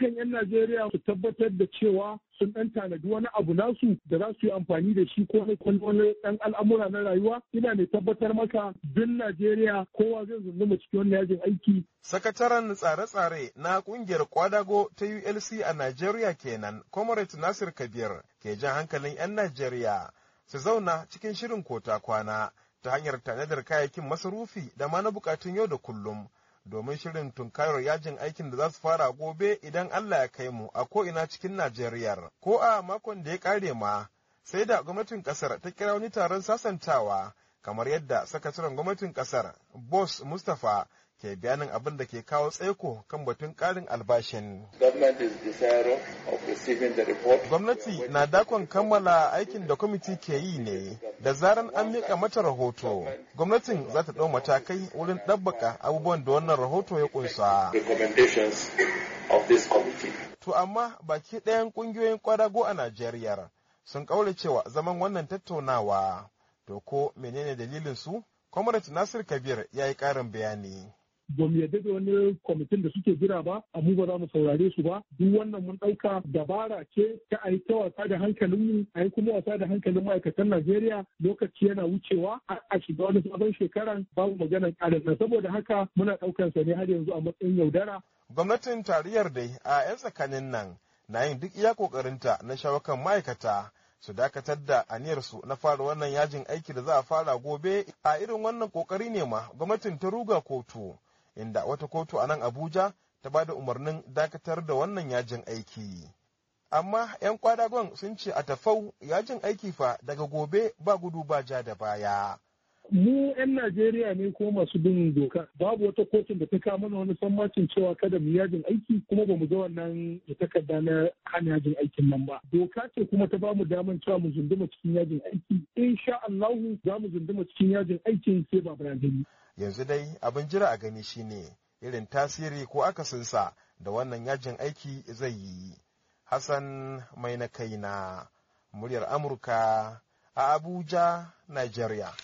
dukkan 'yan Najeriya su tabbatar da cewa sun ɗan tanadi wani abu nasu da za su yi amfani da shi ko wani ɗan al'amura na rayuwa ina ne tabbatar maka duk Najeriya kowa zai zunduma cikin wani yajin aiki. Sakataren tsare-tsare na ƙungiyar kwadago ta ULC a Najeriya kenan, Comrade Nasir Kabir ke jan hankalin 'yan Najeriya su zauna cikin shirin kota kwana ta hanyar tanadar kayayyakin masarufi da ma na bukatun yau da kullum. domin shirin tunkarar yajin aikin da za su fara gobe idan Allah ya kai mu a ko'ina cikin Najeriya. Ko a makon da ya kare ma, sai da gwamnatin kasar ta kira wani taron sasantawa kamar yadda sakataren gwamnatin kasar Bos Mustapha ke bayanin abin da ke kawo tsaiko kan batun ƙarin albashin. Gwamnati na dakon kammala aikin da kwamiti ke yi ne da zaran an miƙa mata rahoto. Gwamnatin za ta ɗau matakai wurin ɗabbaka abubuwan da wannan rahoto ya ƙunsa. To amma baki ɗayan ƙungiyoyin ƙwarago a Najeriya sun ƙaure cewa zaman wannan tattaunawa. To ko menene dalilin su? Comrade Nasir Kabir ya yi ƙarin bayani. ba mu yadda da wani kwamitin da suke jira ba a mu ba za mu saurare su ba duk wannan mun ɗauka dabara ce ta a yi ta wasa da hankalinmu a yi kuma wasa da hankalin ma'aikatan Najeriya lokaci yana wucewa a shiga wani sabon shekaran babu magana ƙarin saboda haka muna ɗaukar sa ne har yanzu a matsayin yaudara. Gwamnatin tarayyar da a 'yan tsakanin nan na yin duk iya ƙoƙarinta na shawakan ma'aikata su dakatar da aniyarsu na fara wannan yajin aiki da za a fara gobe a irin wannan kokari ne ma gwamnatin ta ruga kotu inda wata kotu a nan abuja ta ba da umarnin dakatar da wannan yajin aiki amma 'yan kwadagon sun ce a tafau yajin aiki fa daga gobe ba gudu ba ja da baya mu 'yan Najeriya ne ko masu bin doka babu wata kotun da ta kama mana wani sammacin cewa kada mu yajin aiki kuma ba mu ga wannan da takarda na hana yajin aikin nan ba doka ce kuma ta bamu daman cewa mu zunduma cikin yajin aiki insha Allahu za mu zunduma cikin yajin aikin sai ba barazani. yanzu dai abin jira a gani shine irin tasiri ko akasinsa da wannan yajin aiki zai yi hassan mai na kaina muryar amurka a abuja nigeria